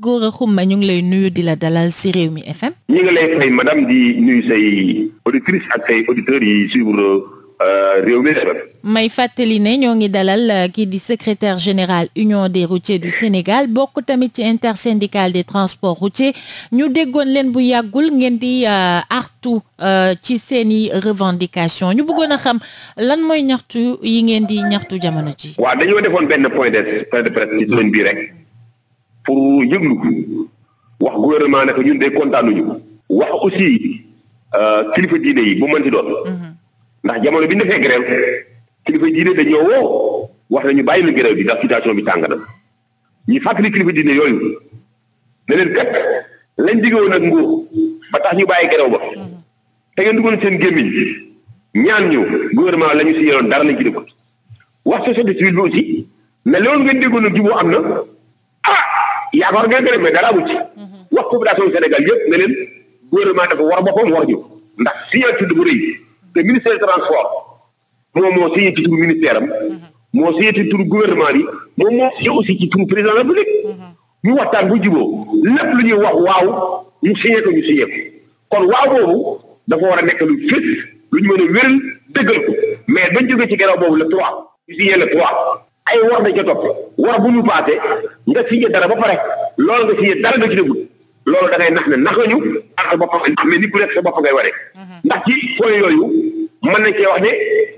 góor Gora Khouma ñu ngi lay nuyu di la dalal ci Rewmi FM. ñu ngi lay fay madame di nuyu say auditrice ak say auditeurs yi suivre euh, Rewmi FM. may fàttali ne ñoo ngi dalal euh, kii di secrétaire général union des routiers du Sénégal bokk tamit ci intersyndicale des transports routiers ñu déggoon leen bu yàggul ngeen di euh, artu ci seeni revendication ñu bëggoon a xam lan mooy ñaxtu yi ngeen di ñaxtu jamono ji. waaw dañoo defoon benn point de point ci semaine bii rek. pour yëglu wax gouvernement ne ko ñun de kontaanuñu wax aussi euh, kilifa diine yi bu mën ci doon mhm. ndax jamono bi ñu defee grève kilifa diine dañoo woo wax nañu bàyyi lu grève bi ndax situation bi tàng na ñu fàttali kilifa diine yooyu ne leen kat lañ diggoon ak nguur ba tax ñu bàyyi grève ba mhm. te ngeen duggoon seen gémmiñ ñaan ñu gouvernement la ñu si yoroon dara lañ ci dëkkut wax société civile bi aussi ne loolu ngeen déggoon ak juboo am na yaa ngeen ko def mais dara mu ci mhm. wax population Sénégal yëpp ne leen dafa war boppam war ñu ndax signature bu rëy te ministère transport moom moo signé ci turu ministère am mhm. moo signé ci turu gouvernement bi moom moo signé aussi ci président de la République mhm. ñu waxtaan bu juboo lépp lu ñuy wax waaw ñu signé ko ñu signé ko kon waaw boobu dafa war a nekk lu fës lu ñu mën a wéral dëggal ko mais bañ jógee ci gannaaw boobu le trois ñu signé le ay war da ca topp war bu ñu paase nga signé dara ba pare loolu nga signé dara nga ci déglu loolu da ngay nax ne nax ñu ak sa bopp ndax sa bopp ngay waree mhm. ndax ci point yooyu mën nañ wax ne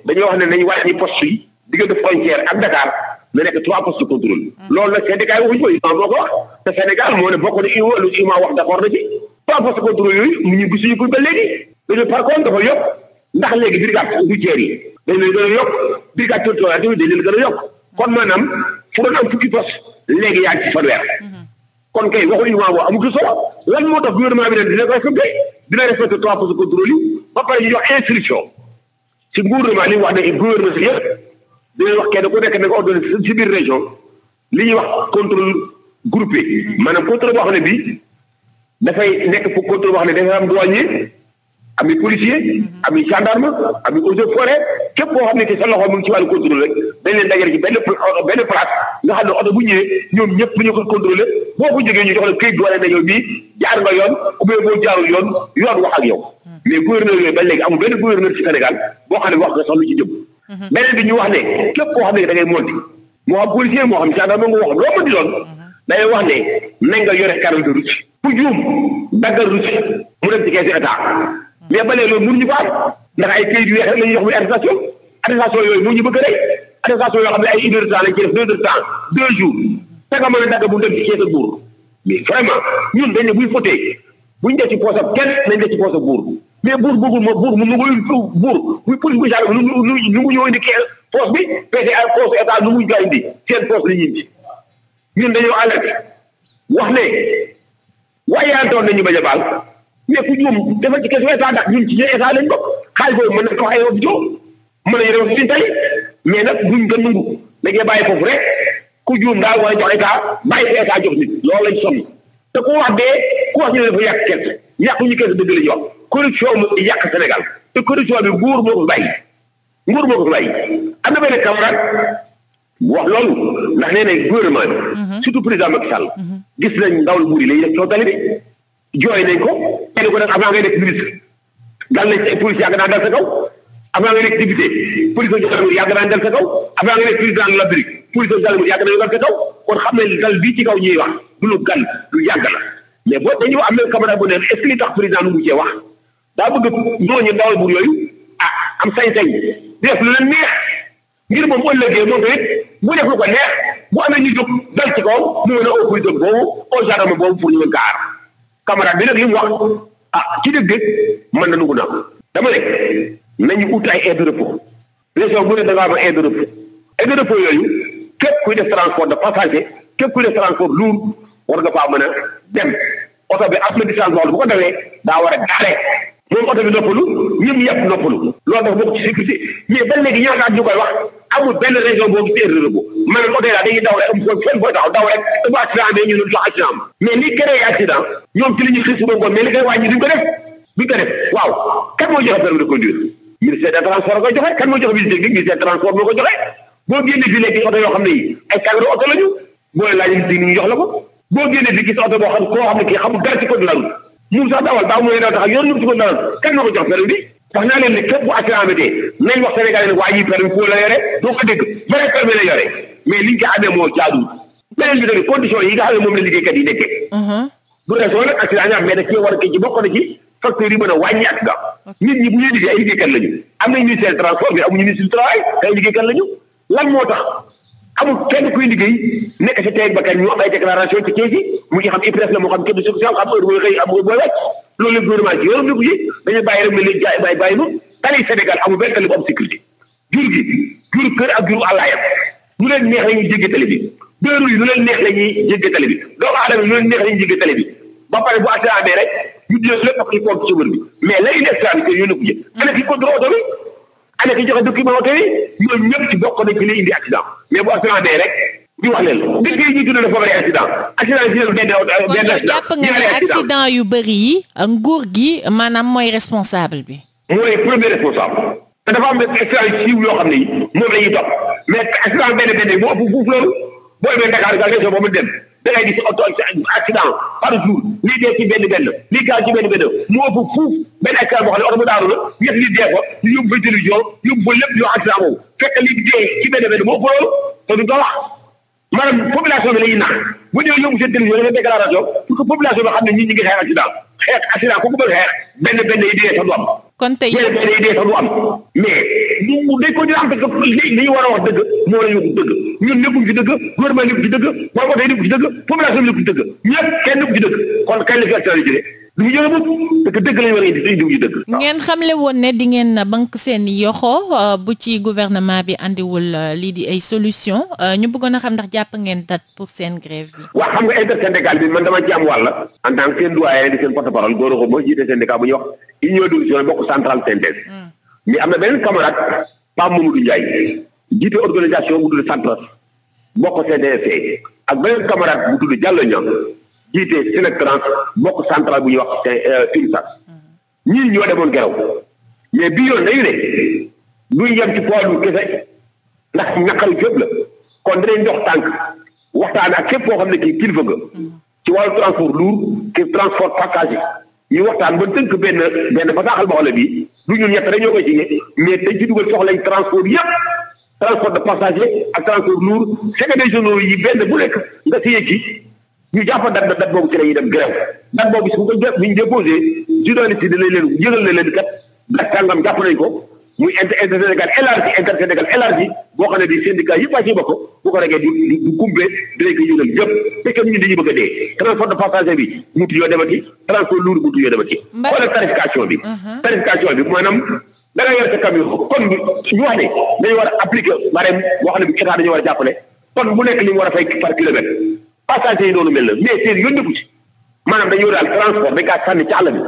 dañoo wax ne nañ wàññi poste yi diggante frontière ak Dakar na nekk trois postes de contrôle mhm. loolu nag syndicat yi waxuñu ko UMA moo ko wax te Sénégal moo ne bokk na UMA lu UMA wax d'accord na ci trois postes de contrôle mu ñu gisuñu ko ba léegi dañu par dafa yokk ndax léegi kon maanaam fu doon am fukki fas léegi yaa ngi ci fanweer kon kay waxu iliman boo amutu solo lan moo tax gouvernement bi nag dina ko respecté dina respecté trois postes de contrôle yi ba pare ñu jox nguur ci gouvernement li wax ne gouverneur si yëpp dinañ wax kenn ku nekk na nga ordonné si biir région li ñuy wax contrôle groupé maanaam contrôle boo xam ne bii dafay nekk pour contrôle boo xam ne dafay am douanier ami policier mhm. ami gendarme ami eaux et képp koo xam ne te sa loxo mu ngi ci wàllu contrôle rek dañ leen dajale ci benn euh, benn place nga xam ne oto bu ñëwee ñoom ñëpp bu ñu ko contrôlé boo ko jógee ñu jox la këyit doole na yow bii wax ak yow mhm. mais gouverneur yooyu ba léegi amul benn gouverneur ci Sénégal boo xam ne wax nga sax lu ci jëm mhm. beneen bi ñu wax ne képp koo xam ne da ngay monti moo xam policier moo xam gendarme nga wax loo mën di day wax ne nañ nga yore carte de route ku juum mais ba léegi loolu mënuñu ko am ndax ay kayit yu weex rek la ñuy jox muy attestation attestation yooyu moo ñu bëgg rek attestation yoo xam ne ay une heure de temps lañ ci def deux heures de temps deux jours fekk mën a dagg bu dem ci kees a buur mais vraiment ñun dañ ne buy fotee buñ def ci poosam kenn nañ def ci poosam buur mais buur bëggul ma buur mu nangu buur muy police bu gendarme nu mu nu mu ñëw indi kees poos bi fekkee ay poos état nu mu jox indi seen poos la ñuy indi ñun dañoo alerte wax ne waaye antoon nañu bañ a baal mais ku juum defal ci keesu état ndax ñun ci état lañ bokk xaalis boobu na ko ay hôpitaux mën tali mais nag bàyyi foofu rek ku juum daal a jox état bàyyi fi état nit loolu lañ te ku wax dee ku wax ñu yàquñu kees dëgg la ñu wax corruption te corruption bi nguur moo ko fi bàyyi nguur moo ko fi bàyyi am na benn camarade wax loolu ndax nee mhm. soo mhm. tali bi jooy nañ ko kenn ku nekk avant ngay nekk ministre dal na ci police yàgg naa dal sa kaw avant ngay nekk député police gendarmerie yàgg naa dal sa kaw avant ngay nekk président dal sa kaw kon xam ne dal bii ci kaw ñuy wax du lu gan lu yàgg la mais boo dañu am même bu ne est li tax président lu mu cee wax daa bëgg ñooñu ndawal buur yooyu ah am sañ-sañ def lu leen neex ngir moom ëllëgee moom tamit mu def lu ko neex bu amee ñu jóg dal ci kaw mu mën a au police boobu au gendarme boobu pour ñu gaar camarade bi nag li mu wax ah ci dëgg man na nangu naa ko dama ne nañu ut ay aide de repos région bu ne da ngaa am aide de repos aide de repos yooyu képp kuy def transport de passager képp kuy def transport lourd war nga faa mën a dem oto bi am na distance bu ko dawee daa war a gaaree moom oto bi noppalu ñëpp yëpp noppalu loolu dafa bokk ci sécurité mais ba léegi ñaataat ñu koy wax amul benn région boo gisee boobu maanaam oto yi daal daw rek amul fenn fooy daw rek bu accident ñu ne du accident am mais li créé accident ci li ñu xis ba ngoon mais li koy wàññi duñ ko def duñ ko waaw kan moo joxe permis de conduire ministère des transports la koy joxe kan moo joxe visite technique ministère la oto yoo xam ne yi ay oto lañu boo leen laajee visite ñu jox la ko boo génnee fii gis oto boo xam koo xam ne kii xamul dara ci code de la route sax dawal daaw mooy daw tax yoon lu mu ci wax naa leen ne képp bu accident nañ wax Sénégalais ne waa ji permis foo la yore doo ko dégg yore bi yi nga xam ne moom la liggéeykat yi nekkee mhm. bu dee soo nag accident nga war a ci bokk ci facteurs yi mën a wàññi ak gaaw nit ñi bu ñuy liggéey ay liggéeykat la ñu am nañ ministère du transport mais amuñu ministre du travail te ay liggéeykat la ñu lan moo tax amul kenn kuy liggéey nekk si tey bakkan ñu am déclaration ci kees yi mu loolu leen gouvernement bi yor na ko ci dañu bàyyi rek ne léegi jaay bàyyi bàyyi moom tali Sénégal amul benn tali bu am sécurité jur gi jur kër ak jur àllaayam lu neex la ñuy bi dëru yi lu leen neex la ñuy jéggi tali bi doomu aadama yi lu leen neex la ñuy tali bi ba pare bu accident amee rek ñu jël lépp ak ñu compte chauffeur bi mais la inexcabilité yooyu na ko jël ki joxe document oto yi yooyu ñëpp ci bokk na ci liy indi accident mais bu accident amee rek di wax leen dëkk yi ñuy dund dafa bëri accident accident yi benn benn accident jàpp nga ne accident yu bëri yi euh, nguur gi maanaam mooy responsable bi mooy premier responsable te dafa am accident yu siiw yoo xam ne yi moom la ñuy topp mais accident benn benn yi bu ëpp fuuf loolu booy bee Dakar ga région ba mu dem da ngay gis oto accident par jour lii dee ci benn benn lii kaa ci benn benn mu ëpp fuuf benn accident boo xam ne oto bu daaru la ñett lii dee ko ñu yóbbu ba télévision yóbbu ba lépp yoo accident boobu fekk lii dee ci benn benn moo ëpp loolu te duñ ko wax maanaam population bi lañuy nax bu ñëwee yóbbu seen télévision dafa déclaration pour que population bi xam ne ñi ngi xeex accident xeex accident ku ko bëgg xeex benn benn yi dee sax du am kon tey benn am mais lu dañ ko dina am parce que li ñu war a wax dëgg moo la yóbbu dëgg ñun nekkuñ ci dëgg gouvernement nekku ci dëgg boycott yi nekku ci dëgg population bi nekku ci dëgg ñëpp kenn nekku ci dëgg kon kañ la fi li ñu jëlee ba dëgg lañ war a indi dañuy indi dëgg. ngeen xamle woon ne di ngeen bank seen yoxo euh, bu ci gouvernement bi andiwul euh, lii di ay solution euh, ñu bëggoon a xam ndax jàpp ngeen date pour seen grève bi. waaw xam nga intersyndical bi man dama ci am wàll. en tant que seen doyen di seen porte-parole góor ko mooy jiite syndicat bu ñuy wax union des éditions bokk centrale synthèse. Hmm. mais am na beneen camarade Pape Mamadou Ndiaye jiite organisation bu tudd Centres bokk CDC e. ak jiite électrance bokk central bu ñuy wax UNSAS euh, ñii ñoo demoon geraw mais bii yoon dañu ne duñ yem ci poids lu kese ndax ñaqaru jóob la kon dinañ dox tànk waxtaan ak képp koo xam ne kii kilifa nga ci wàllu transport lourd ki transport passager ñu waxtaan ba dënk benn benn bataaxal boo xam ne bii du ñu ñett rek ñoo koy signé mais dañ ci dugal soxlañ transport yëpp transport de passager ak transport lourd c'est yi benn bu nekk nga signé ci ñu jàpp date ba date boobu ci la ñuy dem grève date boobu su ko jot bu ñu déposé journaliste yi dinañ leen yëgal leen kat date sàngam jàpp nañ ko muy inter intersénégal élargi intersénégal élargi boo xam ne di syndicat yëpp a ci bokk bu ko regee du du kumbe dinañ ko yëgal yëpp te kenn ñu dañu bëgg a dee transport de passager bi mutu yoo demati transport lourd mutu yoo demati wala tarification bi uh-huh. tarification bi bi ñu a bi état dañu war a jàppale kon bu a passagers yi noonu mel na mais seen yónneeku ci maanaam dañoo daal transport dañ kaa sànni ci àll bi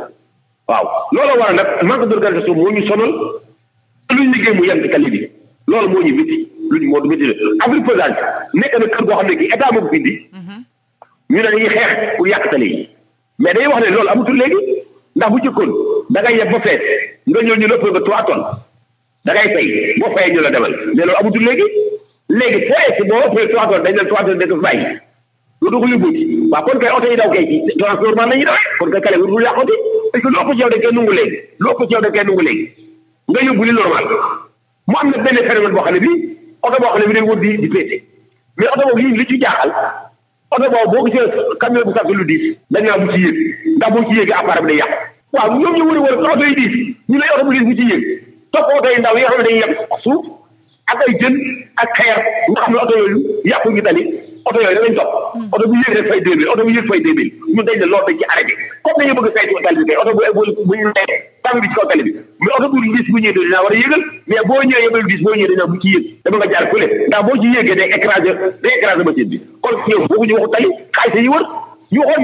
waaw looloo a nag manque d'organisation moo ñu sonal luñ liggéey mu yem ci tali bi loolu moo ñu métti luñ moo métti la affaire nekk na mhm. ñu ne dañuy xeex pour yàq tali yi mais dañuy wax ne loolu amatul léegi ndax bu jëkkoon da ngay yeb ba fees nga ñëw ñu lëppal ba trois tonnes da ngay fay boo fayee ñu la demal mais loolu amatul léegi léegi foo egg boo ëppee trois tonnes dañ lu dugg lu bëgg waaw kon kay oto yi daw kay ci transport man nañu dawee kon kay kale wul yàqote parce que boo xam ne bii oto boo xam ne bi day wër di di pété mais oto boobu li li ci jaaxal oto boobu boo gisee camion bu sax lu diis dañ naa bu ci yéeg ndax boo ci yéegee appareil bi day yàq waaw ñoom ñu wër oto bu diis bu ci yéeg topp oto yi ndaw yi nga xam ne dañuy yàq suuf ak ay yàqu ñu tali oto yooyu danañ topp hmm. oto bu yéeg fay deux mille bu yéeg fay deux mille ñun dañ ne loolu dañ ci arrêté comme dañu bu ñu leeree tàng bi ci ci yéeg yi wër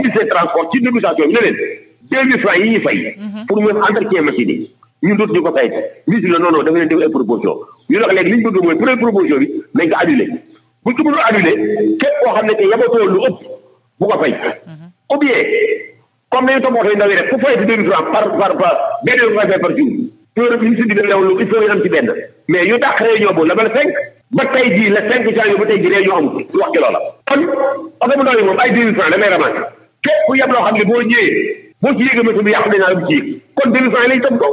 ñu ñu mhm. ko saytu ministre dafa leen def ay proposition ñu ne léegi bëgg mooy première proposition bi nañ ko annulé buñ ko mënul annulé képp koo xam ne que yabatoo lu ëpp bu ko fay mhm. ou bien comme dañu toog oto yi nga fay la ba le cinq ba tey jii moom ay deux mille francs ku yem loo xam ne boo ñëwee boo ci yéega métu bi yàqu dinaa dam ci yëg kon deux mille yi lañ tam ko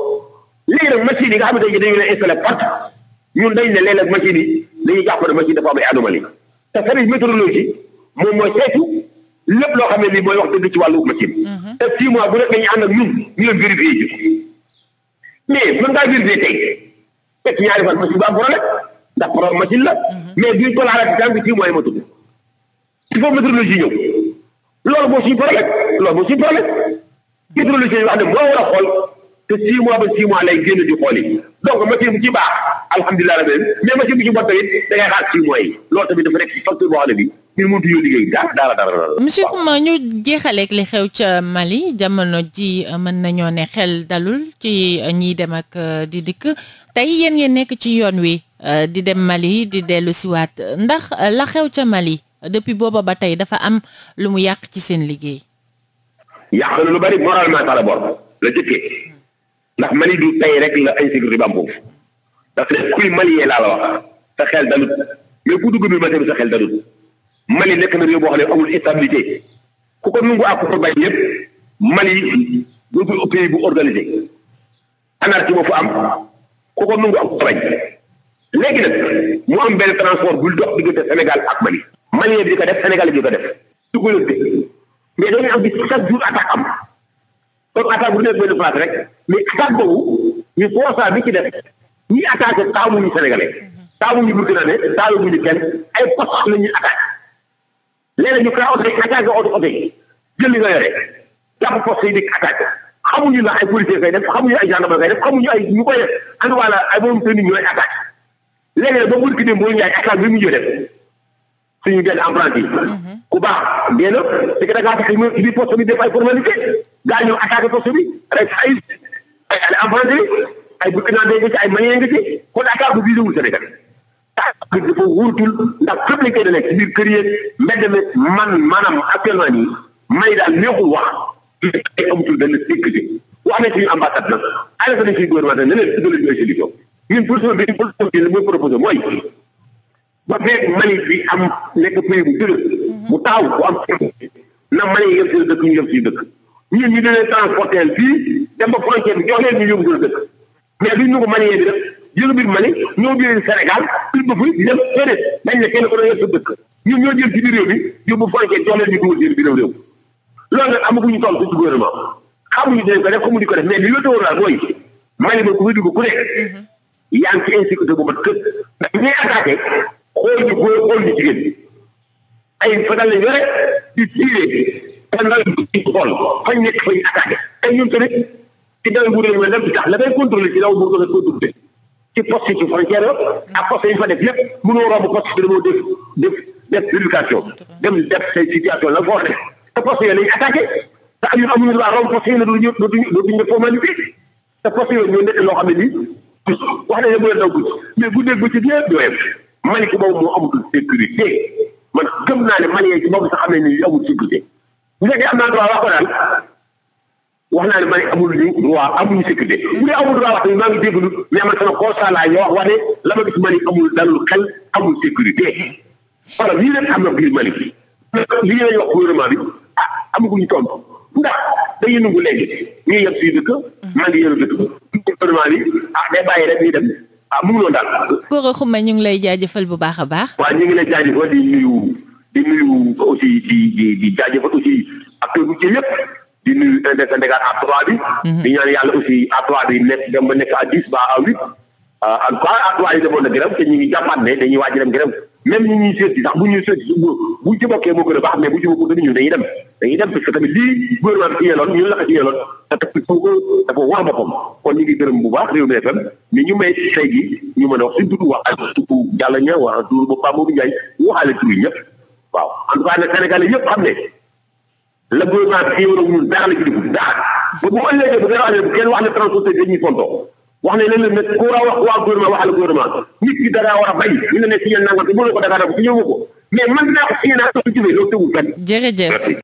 léegi nag machine yi nga xam ne dañu leen installé partout ñun dañ ne léeg-léeg machine yi dañuy jàpp ne machine dafa am ay anomalie te service météorologie moom mooy saytu lépp loo xam ne lii mooy wax dëgg ci wàllu machine. Mhm. te six mois bu nekk dañuy ànd ak ñun ñu leen vérifié ji mais mën ngaa vérifié tey fekk ñaari fan machine bu am problème ndax problème machine la mhm. mais duñ ko laalaat ci tànk six mois yi ma tudd il faut météorologie ñëw loolu moo suñu problème loolu moo suñu problème météorologie yi wax ne moo war a xool te six ba six lay génn di xool yi donc machine bu ci baax alhamdulilah rabbi mais machine bu ci bon tamit da xaar six yi loolu tamit dafa nekk facteur ñu mënut li xew ca Mali jamono ji euh, mën nañoo ne xel dalul ci euh, ñiy dem ak euh, di dikk tey yéen ngeen nekk ci yoon wi di dem Mali di dellu ndax la xew ca Mali depuis booba ba tey dafa am lu mu yàq ci seen liggéey. yàq na lu bari moralement par rapport la jëkkee ndax Mali du tey rek la insécurité bi am foofu parce que kuy malien laa la wax sa xel dalut Mali sa nekk na réew boo ne amul stabilité ku ko nungu ak ko bay yëpp Mali du pays bu organisé anarchie moo fa am ku ko nungu ak ko bañ léegi nag mu am benn transport bu dox diggante Sénégal ak Mali malien bi ko def Sénégal bi di ko def dugalante mais dañuy am bi chaque jour attaque am comme attaque bu nekk benn place rek mais attaque boobu ñu constat bi ci def ñi attaqué taamuñu kenn ay poste la ñuy attaque léeg-léeg ñu kaa oto yi attaqué oto oto yi jël li nga yore jàpp poste yi dikk attaqué xamuñu la ay policier kay def xamuñu ay gendarme kay def xamuñu ay ñu koy def en tout cas la ay moom seen nit ñooy attaque léeg-léeg mu burkinabé mooy ñaay attaque def suñu mhm. ku baax bien na c'est que da ngaa fexe ñu biir poste bi def ay formalité gaa ñëw attaqué poste bi rek ay ay ay Alphonse ay Burkina ngi ci ay Mali ngi ci kon attaque bu visé wul Sénégal attaque bi dafa wuutul ndax publicité da nekk ci biir kër yeeg mbedd mi man maanaam actuellement nii may daal neexul wax ay amatul benn sécurité wax nañ suñu ambassade nag arrêté nañ suñu gouvernement ne leen tuddal ñu ay solution ñun position bi ñu mooy proposé mooy ba fekk Mali bi am nekk pays bu jëlee mu taxaw bu am na Mali yëpp si dëkk ñu yëpp si dëkk ñu ñu leen transporter fii dem ba frontière bi jox leen ñu yóbbu ko dëkk mais duñ ñu ko Malien bi def jël biir Mali ñoo biir Sénégal il ba fu dem déedéet dañ ne kenn ko doon sa dëkk ñun ñoo jël ci biir réew bi yóbbu frontière jox leen ñu dugal seen biir réew loolu nag ko def xamuñu ko def mais li yóotoo daal mooy Mali ku fi dugg ku nekk mhm. yaa ngi ci insécurité bu mat kër ndax ñuy attaqué xool ñu góor xool ñu ay fatal lañ yore di tiiree te nawet bi ci xool fañ nekk fañ attaqué te ñun tamit ci nawet bu réew mi lan bi tax la koy contrôlé ci law bu doon contrôlé ci poste yi frontière ak poste yi fa def yëpp mënoo romb poste bi damoo def def def publication dem def say situation la foo def te poste yooyu lañu attaqué te am ñun amuñu waa romb poste yi ne duñu duñu duñu def formalité te poste yooyu ñoo nekk loo xam ne nii wax nañ ne bu leen daw guddi mais bu dégg ba ci lépp ñoo yem Mali ci boobu moo amatul sécurité man gëm naa ne Mali ci boobu sax xam ne nii amul sécurité bu fekkee am naa droit wax ko daal wax naa ne man amul ñu droit amuñu sécurité bu dee amul droit wax ni laa yoo wax ne la ma gis ma ni amul dalul xel amul sécurité wala lii leen na biir Mali li ñu leen wax gouvernement ah amaguñu tontu ndax dañuy nangu léegi ñu yem si ngi yëru dëkk gouvernement bi ah day bàyyi rek ñuy dem ah mu ngi noonu ñu ngi lay jaajëfal bu baax a baax. waa ñu ngi lay jaajëfal di nuyu. di nuyu aussi di di di jaajëfal aussi acteur bu ci yëpp di nuyu RTS Sénégal à trois bi. Mhm. di ñaan yàlla aussi à trois bi nekk dem ba nekk à dix ba à huit. Euh, en tout cas à trois yi demoon na grève te ñu ngi jàppaat ne dañuy waaj dem grève même ñi ñuy seet si sax bu ñuy seet si bu ci bokkee moo gën a baax mais bu ci bokkul dañuy dañuy dem dañuy dem parce que tamit lii gouvernement bi yeloon ñun la ko yeloon te tamit foofu dafa wax boppam kon ñu ngi gërëm bu baax Rewmi FM mais ñu may say gi ñu mën a wax si dudu wax ak surtout Diallo Niang wax ak Pape Modou Ndiaye waxaale tur yi ñëpp waaw en tout cas nag Sénégalais yëpp xam ne le gouvernement bi yow ñun dara la ci dugg dara ba bu ëllëgee bu dara amee bu wax ne transporté dañuy fontoo wax ne leen ne ku war a wax waa gouvernement waxal gouvernement nit ki dara war a bay ñu ne ne signé nangam te mënoo ko Dakar bu ñëwu ko mais man dinaa ko signé naa ko jëfee loolu tegul fenn jërëjëf